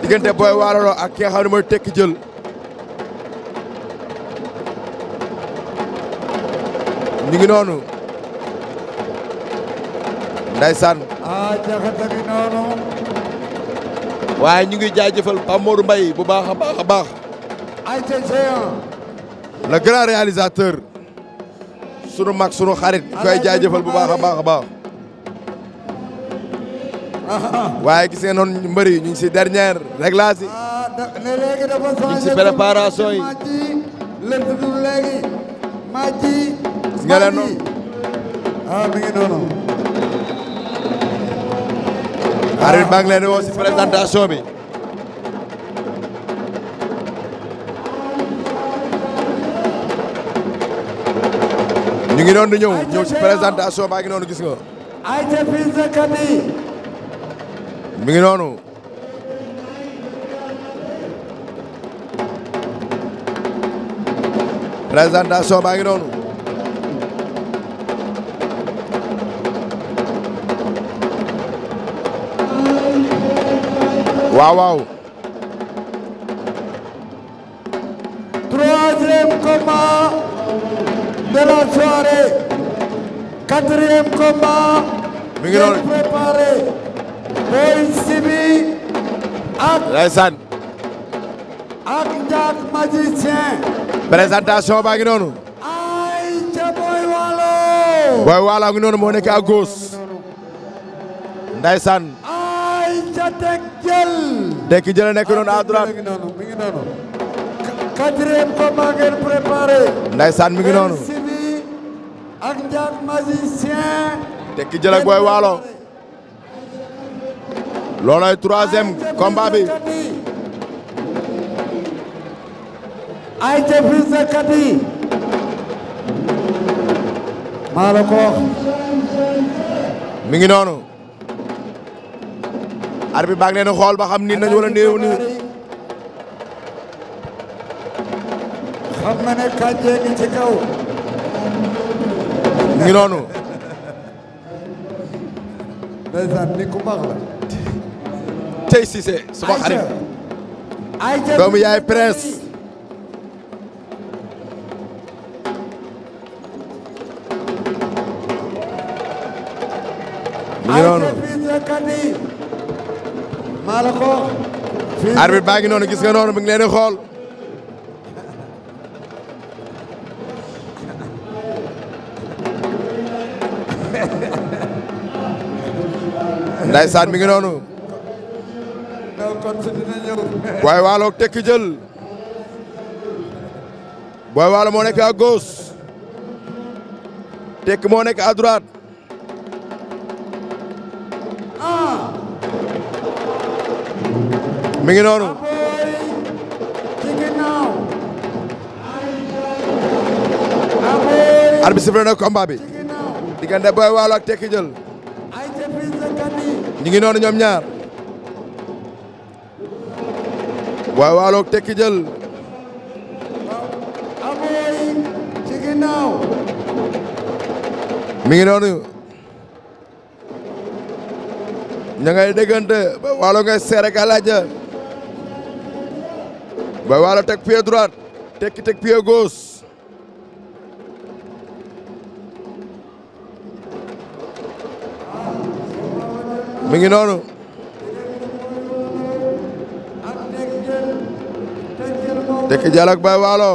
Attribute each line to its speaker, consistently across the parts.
Speaker 1: diggante Boy Waralo ak ki nga mooy tekki jël ñu ngi noonu ndaysaan a ah, waaye ñu ngi jaajëfal Pape Modou Mbaye bu baax a baax a baax ay grand réalisateur sunu mag sunu xarit ñu koy jëfal bu baax a baax a baax waaye gisee noonu mbëri yi ñu ngi si dernière réglage yi. ñu ngi si préparation yi. gis nga leen noonu. ah mi ngi noonu. arbitre baa ngi leen di woo bi. ñu ngi doon di ñëw ñëw si présentation baa ngi noonu gis nga. ay ca fi mi ngi noonu présentation baa ngi noonu de la soirée quatrième combat mi Boy Sibi ak ndeysaan ak Ndiak magicien présentation baa ngi noonu ay ca Boy Waalo Boy Waalo a ngi noonu moo nekk à gauche ndeysaan ay ca Tek Jël Tek noonu à droite mi ngi ngeen préparé ndeysaan mi ngi noonu ak Ndiak magicien Tek ak Boy Waalo loolooy troisième combat bi. ay ca prise de maa la ko ngi noonu. arbi baa ngi leen xool ba xam ni nañu wala néew ni xam na ne kàjjee ngi ci kaw. mi noonu. cey Cissé suma xarit doomu yaay prince mi ngi noonu arbitre baa ngi noonu gis nga noonu mi ngi leen di xool ndaysaan mi ngi Boy Walo tekki jël Boy Walo moo nekk à tekki moo nekk à ah. mi ngi noonu ah, ah, arbitre sifflé na combat bi diggante Boy Walo ak tekki jël ñi ngi noonu ñoom ñaar waaw waaloog tekki jël amooy ci mi ngi noonu ña ngay déggante ba waalo ngay seere ka laaja ba waalo teg pied droite tekki teg pied gauche mi ngi noonu Tekki Jaal ak Boy Waalo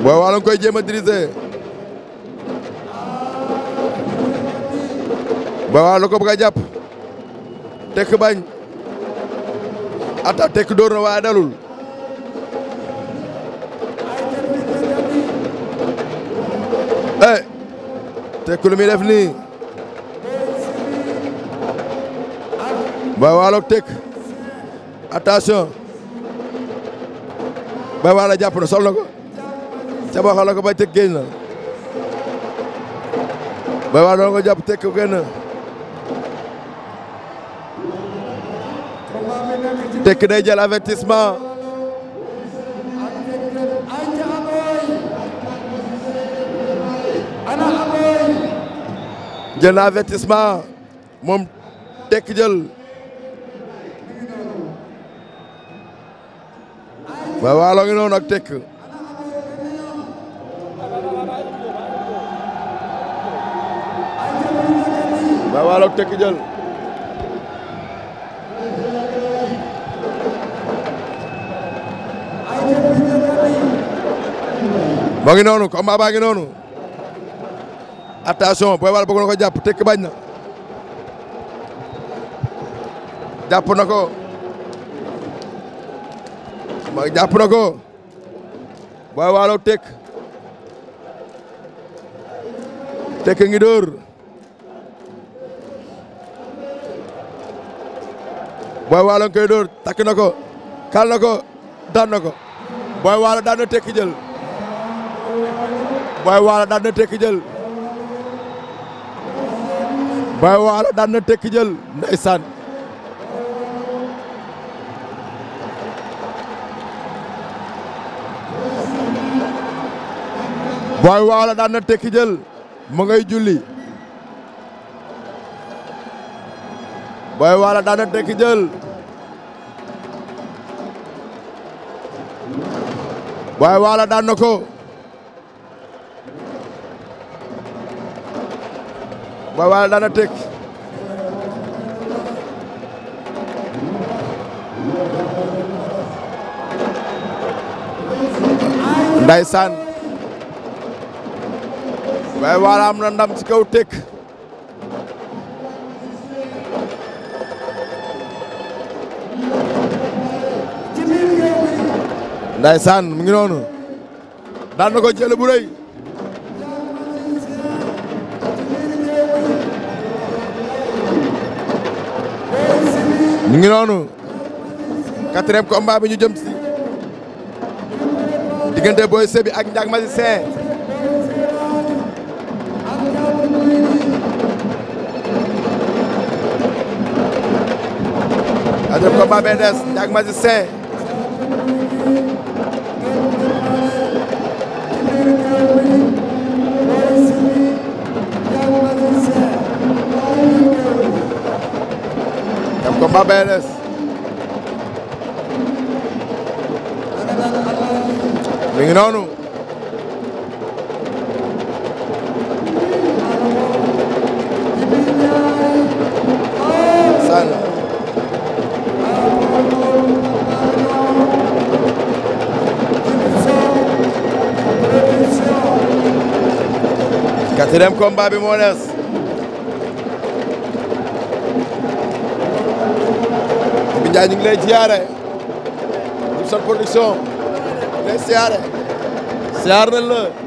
Speaker 1: Boy Waalo nga koy jéem a diriger Boy Waalo ko bëgg a jàpp Tekki bañ ata Tekki dóor na waaye dalul eh Tekki lu muy def nii Waalo Tekki attention bay waala jàpp na sol na ko cabaxal la ko bay teg génn na bay waala doon ko jàpp teg ko tekki day jël avertissement jël na avertissement moom tekki jël Boy Walo ngi noonu ak tekk Boy Walo tekk jël moo ngi noonu combat baa ngi noonu attention Boy Walo bëgg na ko jàpp tekk bañ na jàpp na ko mooy jàpp na ko booy waalo tek tek ngi dóor booy waalo ngi koy dóor takk na ko kal na ko daan na ko booy waalo daan na tekki jël booy waalo daan na tekki jël booy waalo daan na tekki jël ndeysaan booy waalo daan na tekki jël mu ngay juli booy waalo daan na tekki jël booy waalo daan na ko booy waalo daan na tekki ndeysaan Mbaye Walo am na ndam ci kaw Tek Ndeysaan mu ngi noonu daan na ko jël bu rëy mu ngi noonu quatrième combat bi ñu jëm si diggante Boy Sébi ak Ndiack Magicien quatrième combat bee des Ndiack Magicien quatrième combat bee des mi ngi noonu quatrième combat bi moo nees bi Ndiaye ñu ngi lay ziare Djibson production lay ziare ziar na la